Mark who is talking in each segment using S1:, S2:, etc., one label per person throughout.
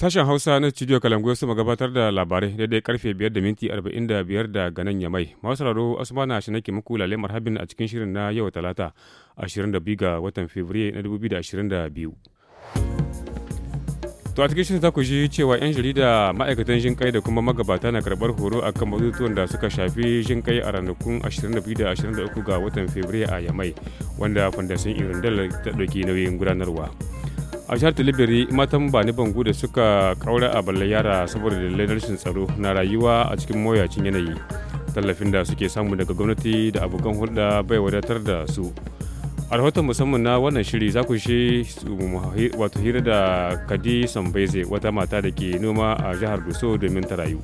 S1: Sashen Hausa na Studio ya suma gabatar da labarai daidai karfe 5 da minti 45 da ganan Yamai. Masu raro Asmana shi nake muku lalle marhabin a cikin shirin na yau Talata 22 ga watan Fabrairu na 2022. To a cikin shirin ta ku ji cewa 'yan jarida ma'aikatan jin kai da kuma magabata na karɓar horo a kan batutuwan da suka shafi jin kai a ranakun 22 da 23 ga watan Fabrairu a Yamai wanda irin dalar ta ɗauki nauyin gudanarwa. a jihar tilibiri matan bani bangu da suka kaura a balle yara saboda na rashin tsaro na rayuwa a cikin mawuyacin yanayi tallafin da suke samu daga gwamnati da abokan hulɗa bai wadatar da su a rahoton musamman na wannan shiri za ku shi wato hira da kadi sambaize wata mata da ke noma a jihar doso domin ta rayu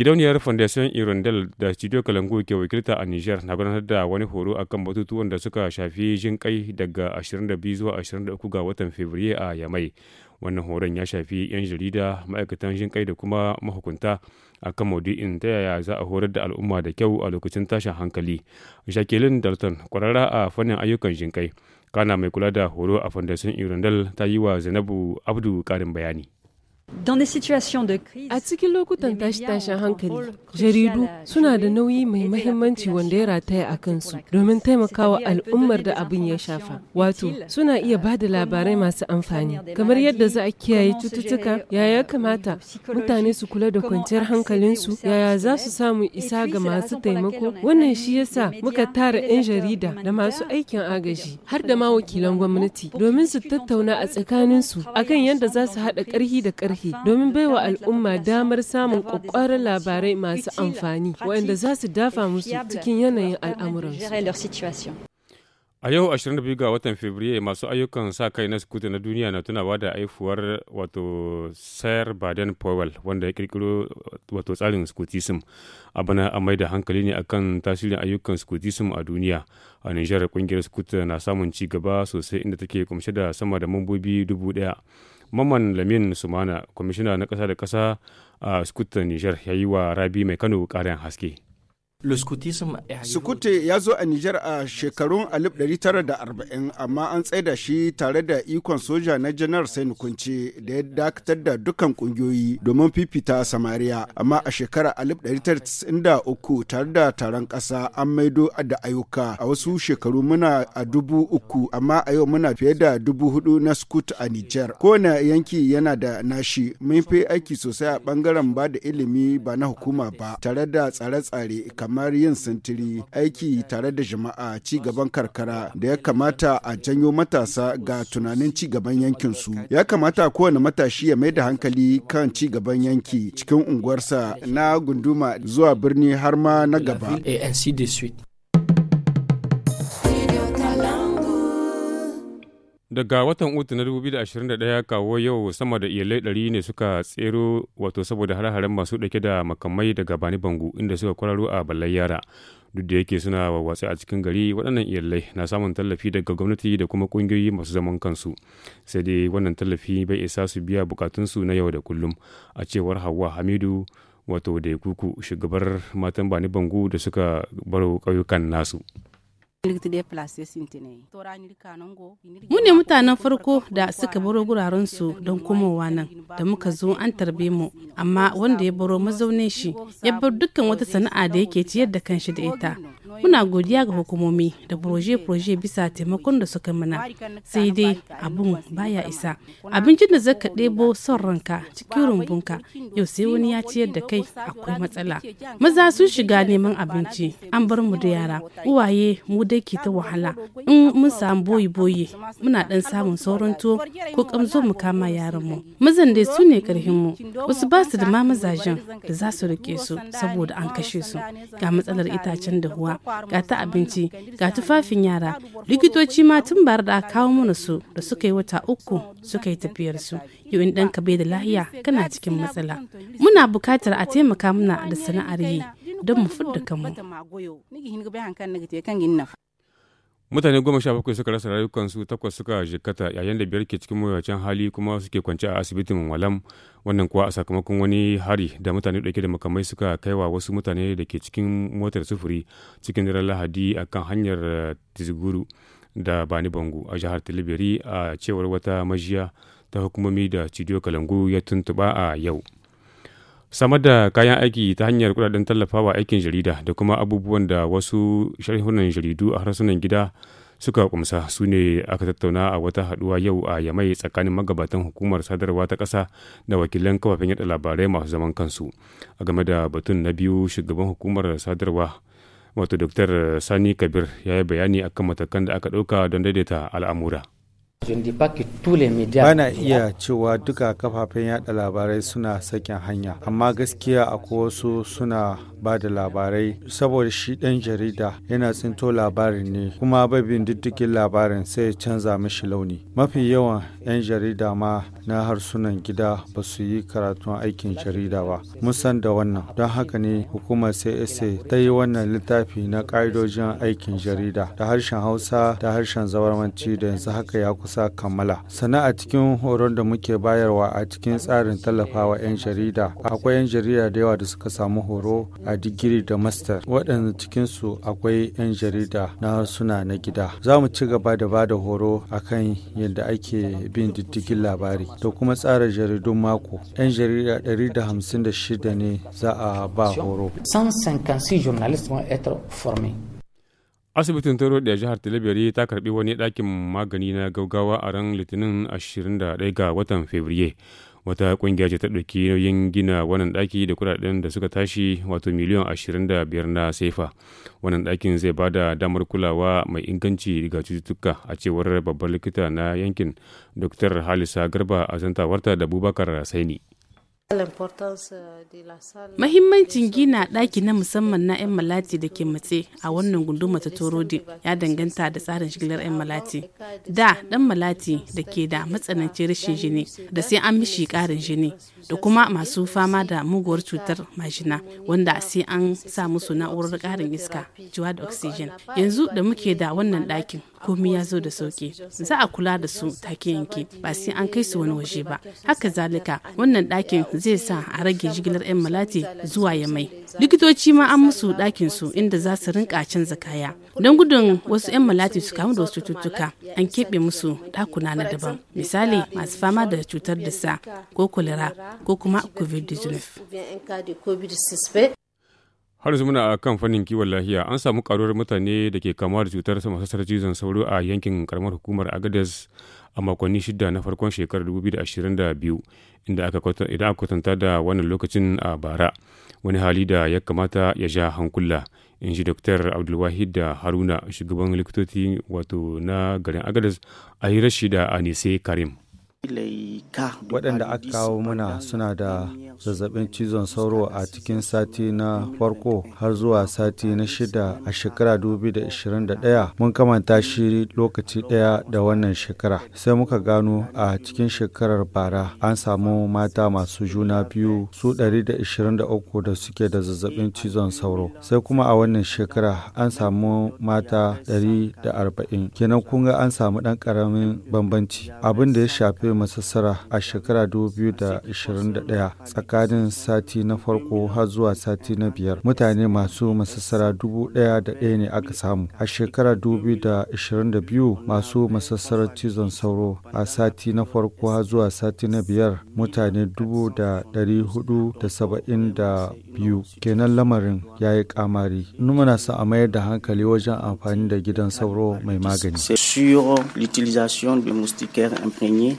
S1: Gidauniyar foundation Irondel da Studio Kalangu ke wakilta a niger na gudanar da wani horo akan batutuwan da suka shafi jin kai daga 22 zuwa 23 ga watan Fabrairu a Yamai. Wannan horon ya shafi 'yan jarida, ma'aikatan jin kai da kuma mahukunta akan maudu'in ta yaya za a horar da al'umma da kyau a lokacin tashin hankali. Jacqueline Dalton, kwararra a fannin ayyukan jin kai, kana mai kula da horo a foundation Irondel ta yi wa Zainabu Abdu karin bayani.
S2: A cikin lokutan tashi-tashin hankali, jaridu suna da nauyi mai mahimmanci wanda ya rataya a kansu domin taimakawa al'ummar da abin ya shafa. Wato, suna iya euh, ba da labarai masu amfani. Kamar yadda za a kiyaye cututtuka, yaya kamata mutane su kula da kwanciyar hankalinsu, yaya za su samu isa ga masu taimako. Wannan shi yasa muka tara 'yan jarida da masu aikin agaji, har da ma wakilan gwamnati, domin su tattauna a tsakaninsu akan yadda za su haɗa ƙarfi da ƙarfi. littafi domin baiwa al'umma damar samun kwakwaran labarai masu amfani waɗanda za su dafa musu cikin yanayin al'amuransu.
S1: A yau 22 ga watan Fabrairu masu ayyukan sa kai na sukuta na duniya na tunawa da haifuwar wato Sir Baden Powell wanda ya kirkiro wato tsarin skutism. A bana a mai da hankali ne akan tasirin ayyukan skutism a duniya. A Nijar kungiyar sukuta na samun ci gaba sosai inda take kumshe da sama da mambobi dubu daya. Maman Lamin Sumana, kwamishina na ƙasa da ƙasa a Skutan Nijar, ya yi wa Rabi Mai Kano ƙarin haske.
S3: Sukuti ya zo a Nijar a shekarun 1940 amma an tsaida shi tare da ikon soja na janar sai nukunci da ya dakatar da dukkan kungiyoyi domin fifita samariya amma a shekara 1993 tare da taron kasa an maido da ayyuka a wasu shekaru muna a dubu uku amma a yau muna fiye da dubu hudu na skut a Nijar. Kowane yanki yana da nashi mun fi aiki sosai a bangaren ba ilimi ba na hukuma ba tare da tsare-tsare kamar kamar yin sintiri aiki tare da jama'a ci gaban karkara da ya kamata a janyo matasa ga tunanin ci gaban yankinsu ya kamata kowane matashi ya mai da hankali kan ci gaban yanki cikin unguwarsa na gunduma zuwa birni har ma na gaba
S1: Daga watan Uku na 2021 kawo yau sama da iyalai ɗari ne suka tsero wato saboda har haren masu ɗauke da makamai daga bani bangu inda suka kwararo a ballar yara. Duk da yake suna wawwatsa a cikin gari waɗannan iyalai na samun tallafi daga gwamnati da kuma ƙungiyoyi masu zaman kansu. Sai dai wannan tallafi bai isa su biya bukatunsu na yau da kullum a cewar Hauwa Hamidu wato da kuku shugabar matan bani bangu da suka baro ƙauyukan nasu.
S4: Mu ne mutanen farko da suka baro su don komowa nan da muka zo an tarbe mu, amma wanda ya baro mazaunin shi ya bar dukkan wata sana'a da yake ciyar da kanshi da ita muna godiya ga hukumomi da proje-proje bisa taimakon da suka mana sai dai abun baya isa abincin da zaka ɗebo son ranka cikin rumbunka yau sai wani ya ciyar da kai akwai matsala maza sun shiga neman abinci an bar mu da yara uwaye mu dai ke ta wahala in mun samu boyi boyi muna dan samun sauran tuwo ko kamzo mu kama yaran mu mazan dai su ne karhin mu wasu ba su da ma mazajen da za su rike su saboda an kashe su ga matsalar itacen huwa. ga ta abinci ga tufafin yara likitoci ma tun bara da kawo mana su da suka yi wata uku suka yi tafiyar su yau in ka bai da lahiya kana cikin matsala muna bukatar a taimaka mana da sana'ar yi don mu fudda kanmu
S1: Mutane goma sha bakwai suka rasa rayukansu takwas suka jikkata yayin da biyar ke cikin mawuyacin hali kuma suke kwance a asibitin walam wannan kuwa a sakamakon wani hari da mutane dauke da makamai suka kai wa wasu mutane da ke cikin motar sufuri cikin daren lahadi a kan hanyar eh, tizguru da bani bango a jihar tilibiri a cewar wata majiya ta hukumomi da cidiyo kalangu ya tuntuɓa a yau. samar da kayan aiki ta hanyar kudaden tallafawa aikin jarida da kuma abubuwan da wasu sharhunan jaridu a harsunan gida suka kumsa su ne aka tattauna a wata haduwa yau a yamai tsakanin magabatan hukumar sadarwa ta ƙasa da wakilan kafafen yada labarai masu zaman kansu a game da batun na biyu shugaban hukumar sadarwa wato dr sani kabir ya yi bayani akan matakan da aka ɗauka don daidaita al'amura
S5: Bana iya cewa duka kafafen yada labarai suna sakin hanya, amma gaskiya akwai wasu suna ba da labarai saboda shi ɗan jarida yana tsinto labarin ne kuma babin diddigin labarin sai ya canza mashi launi mafi yawan 'yan jarida ma na harsunan gida ba su yi karatun aikin jarida ba musan san da wannan don haka ne hukumar csa ta yi wannan littafi na ƙa'idojin aikin jarida da harshen hausa da harshen zawarmanci da yanzu haka ya kusa kammala sana a cikin horon da muke bayarwa a cikin tsarin tallafawa 'yan jarida akwai 'yan jarida da yawa da suka samu horo a digiri da master waɗanda cikinsu akwai 'yan jarida na suna na gida za mu ci gaba da ba da horo kan yadda ake bin diddigin labari da kuma tsara jaridun mako 'yan jarida 156 ne za a ba horo
S1: asibitin taro da jihar talibiri ta karbi wani dakin magani na gaugawa a ran litinin 21 ga watan fabrairu wata kungiya ce ta ɗauki nauyin gina wannan ɗaki da kuɗaɗen da suka tashi wato miliyan ashirin da biyar na sefa wannan ɗakin zai ba da damar kulawa mai inganci ga cututtuka a cewar babban likita na yankin dr halisa garba a zantawarta da bubakar saini
S4: Euh, Mahimmancin gina ɗaki na musamman na 'yan malati da ke matse a wannan gunduma ta Torodi ya danganta da tsarin shigilar 'yan malati. Da ɗan malati da ke da matsanancin rashin jini da sai an mishi ƙarin jini da kuma masu fama da muguwar cutar majina wanda sai an sa musu na'urar ƙarin iska, jiwa da oxygen. Yanzu da muke da wannan ɗakin komi ya zo da sauki za a kula da su take yanki ba sai an kai su wani waje ba haka zalika wannan ɗakin zai sa a rage jigilar 'yan malati zuwa ya mai likitoci ma an musu ɗakin su inda za su rinka canza kaya don gudun wasu 'yan malati su kamu da wasu cututtuka an keɓe musu ɗakuna na daban misali masu fama da cutar da sa ko kolera ko kuma covid-19
S1: har muna a fannin kiwon lafiya an samu karuwar mutane da ke kama da cutar sassar cizon sauro a yankin karamar hukumar agadez a makonni shida na farkon shekarar 2022 inda aka kwatanta da wannan lokacin a bara wani hali da ya kamata ya ja hankula in ji dr abdulwahid da haruna shugaban likitoci wato na garin agadez a hirar shida a nise karim
S5: waɗanda aka kawo muna suna da zazzabin cizon sauro a cikin sati na farko har zuwa sati na shida a shekara 2021 mun kamanta shi lokaci ɗaya da wannan shekara sai muka gano a cikin shekarar bara an samu mata masu juna biyu su 123 da suke da zazzabin cizon sauro sai kuma a wannan shekara an samu mata 140 kenan kun ga an samu ɗan ƙaramin bambanci abin da ya shafi rufe masassara a shekara 2021 tsakanin sati na farko har zuwa sati na biyar mutane masu masassara dubu ɗaya da ne aka samu a shekara 2022 masu masassarar cizon sauro a sati na farko har zuwa sati na biyar mutane dubu da hudu da saba'in da biyu kenan lamarin ya yi kamari muna sa a mayar da hankali wajen amfani da gidan sauro mai magani. sur l'utilisation de moustiquaires imprégnés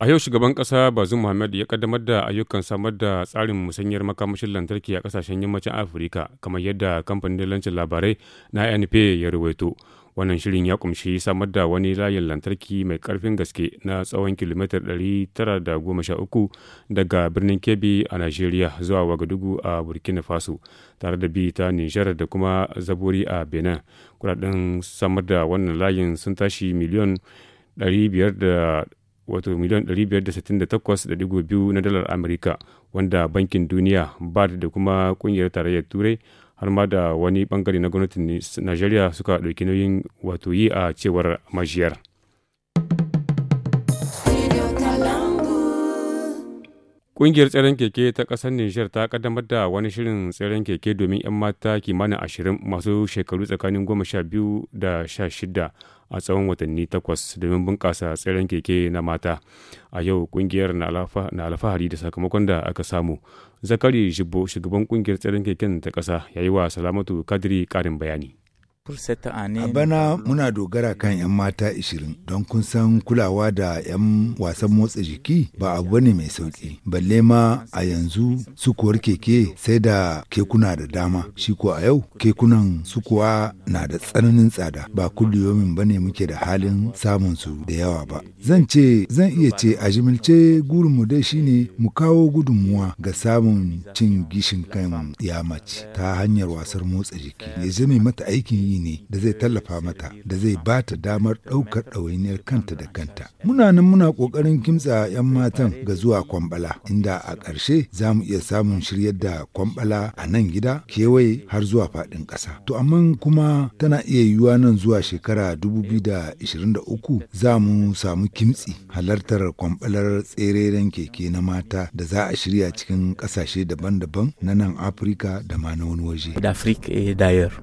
S1: A yau shugaban ƙasa Bazoum Mohamed ya kaddamar da ayyukan samar da tsarin musanyar makamashin lantarki a ƙasashen yammacin Afirka kamar yadda kamfanin dalancin labarai na NP ya rawaito. Wannan shirin ya kumshi samar da wani layin lantarki mai karfin gaske na tsawon kilomita 913 daga birnin Kebbi a Najeriya zuwa Wagadugu a Burkina Faso tare da bi ta Nijar da kuma Zaburi a Benin. Kuɗaɗen samar da wannan layin sun tashi miliyon 500 wato miliyan 568.2 na dalar amurka wanda bankin duniya bad da kuma kungiyar tarayyar turai har ma da wani bangare na gwamnatin najeriya suka ɗauki nauyin wato yi a cewar majiyar Ƙungiyar tseren keke ta ƙasar Nijar ta ƙaddamar da wani shirin tseren keke domin 'yan mata kimanin ashirin masu shekaru tsakanin goma sha biyu da sha shida a tsawon watanni takwas domin bunƙasa tseren keke na mata a yau kungiyar na alfahari da sakamakon da aka samu zakari shugaban kungiyar tseren keken ta ƙasa ya yi wa salamatu kadiri ƙarin bayani A
S3: bana muna dogara kan 'yan mata 20 don kun san kulawa da 'yan wasan motsa jiki ba abu ne mai sauki. Balle ma a yanzu sukuwar keke sai da kekuna da dama. Shi ko a yau kekunan sukuwa na da tsananin tsada ba kulliyomin ba ne muke da halin samun su da yawa ba. Zan ce zan iya ce a jimilce gurinmu dai shi ne mu kawo gudunmuwa ga samun cin gishin kan ya mace ta hanyar wasar motsa jiki. Ya zame mata aikin yi ne da zai tallafa mata da zai ba ta damar ɗaukar ɗawainiyar kanta da kanta. Muna nan muna ƙoƙarin kimtsa 'yan matan ga zuwa kwambala inda a ƙarshe za mu iya samun shiryar da kwambala a nan gida kewaye har zuwa faɗin ƙasa. To amma kuma tana iya yiwuwa nan zuwa shekara 2023 za mu samu kimtsi halartar kwambalar tsereren keke na mata da za a shirya cikin ƙasashe daban-daban na nan Afirka da ma na wani
S1: waje.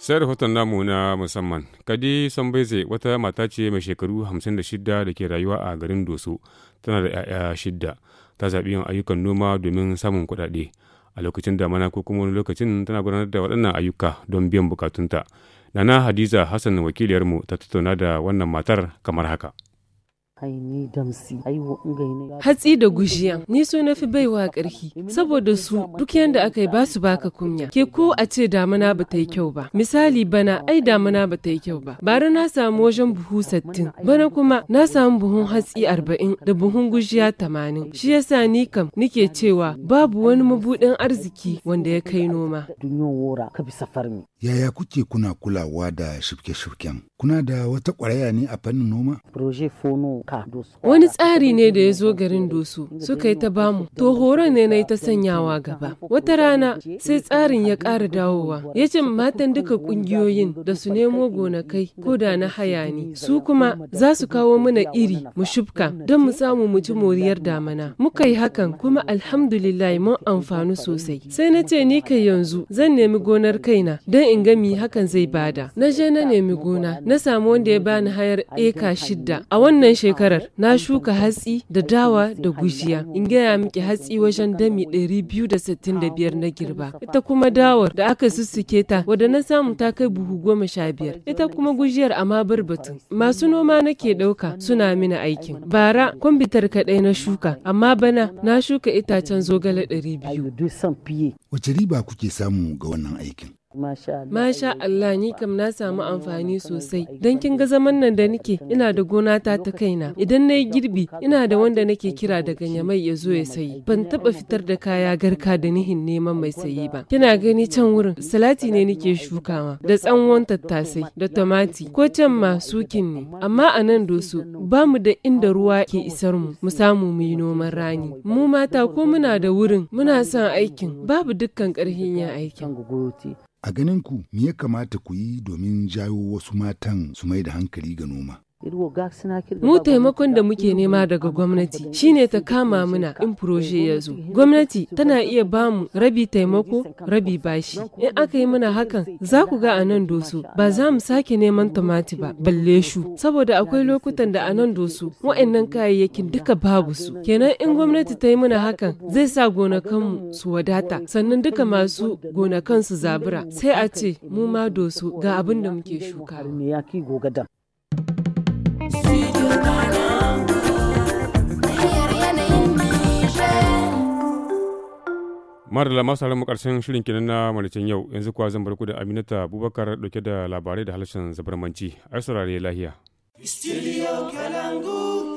S1: sai rahoton namu na musamman kadi sambaize wata mata ce mai shekaru 56 da ke rayuwa a garin doso tana da 'ya'ya shidda ta zaɓi yin ayyukan noma domin samun kuɗaɗe a lokacin damana ko kuma wani lokacin tana gudanar da waɗannan ayyuka don biyan bukatunta nana hadiza hassan wakiliyarmu ta tattauna da wannan matar kamar haka
S2: Hatsi da gujiya, ni so na fi baiwa ƙarfi, saboda su duk yanda aka yi ba su baka kunya. Ke ko a ce damana ba ta yi kyau ba. Misali bana ai damana ba ta yi kyau ba. Bara na samu wajen buhu sattin, bana kuma na samu buhun hatsi arba'in da buhun gujiya tamanin. Shi yasa ni kam nike cewa babu wani mabuɗin arziki wanda ya kai noma.
S3: Yaya kuke kuna kulawa da shifke-shifken? Kuna da wata ƙwaraya ne a fannin
S4: noma? Proje Fono
S2: wani tsari ne da ya zo garin doso suka yi ta bamu to horon ne na yi ta sanyawa gaba wata rana sai tsarin ya ƙara dawowa ya ce matan duka ƙungiyoyin da su nemo gonakai ko da na haya ne su kuma za su kawo mana iri mu shubka don mu samu mu ji moriyar damana muka yi hakan kuma alhamdulillah mun amfani sosai sai na ce ni kai yanzu zan nemi gonar kaina don in ga mi hakan zai bada na je na nemi gona na samu wanda ya bani hayar eka shidda a wannan shekara shekarar na shuka hatsi da dawa da gujiya. In gaya miki hatsi wajen dami ɗari biyu da sittin da biyar na girba. Ita kuma dawar da aka sussuke ta wadda na samu ta kai buhu goma sha biyar. Ita kuma gujiyar amma barbatun. Masu noma nake ɗauka suna mini aikin. Bara kwambitar kaɗai na shuka amma bana na shuka itacen zogale ɗari biyu.
S3: Wace riba kuke samu ga wannan aikin?
S2: Masha Allah ni kam na samu amfani sosai don kin ga zaman nan da nake ina da gona ta ta kaina idan na yi girbi ina da wanda nake kira daga nyamai ya zo ya sayi ban taba fitar da kaya garka da nihin neman mai sayi ba kina gani can wurin salati ne nake shukawa da tsanwon tattasai da tomati ko can ma sukin ne amma a nan doso ba mu da inda ruwa ke isar mu mu samu mu yi noman rani mu mata ko muna da wurin muna son aikin babu dukkan karhin yin aikin
S3: A ganin ku me ya kamata ku yi domin jawo wasu matan su mai da hankali ga noma?
S2: Mu taimakon da muke nema daga gwamnati shine ta kama muna in furoje ya zo. Gwamnati tana iya bamu rabi taimako rabi bashi. In aka yi muna hakan za ku ga a nan doso ba za mu sake neman tumati ba balle shu saboda akwai lokutan da a nan doso wa'annan kayayyakin duka babu su. Kenan in gwamnati ta yi muna hakan zai sa gonakanmu su wadata sannan duka masu gonakan su zabura sai a ce mu ma doso ga abin da muke shuka.
S1: Madalla masu mu karshen shirin kinan na malicin yau yanzu kuwa zan barku da Aminata Abubakar dauke da labarai da halashin zabarmanci. Ai saurare lahiya. Studio
S4: Kalangu.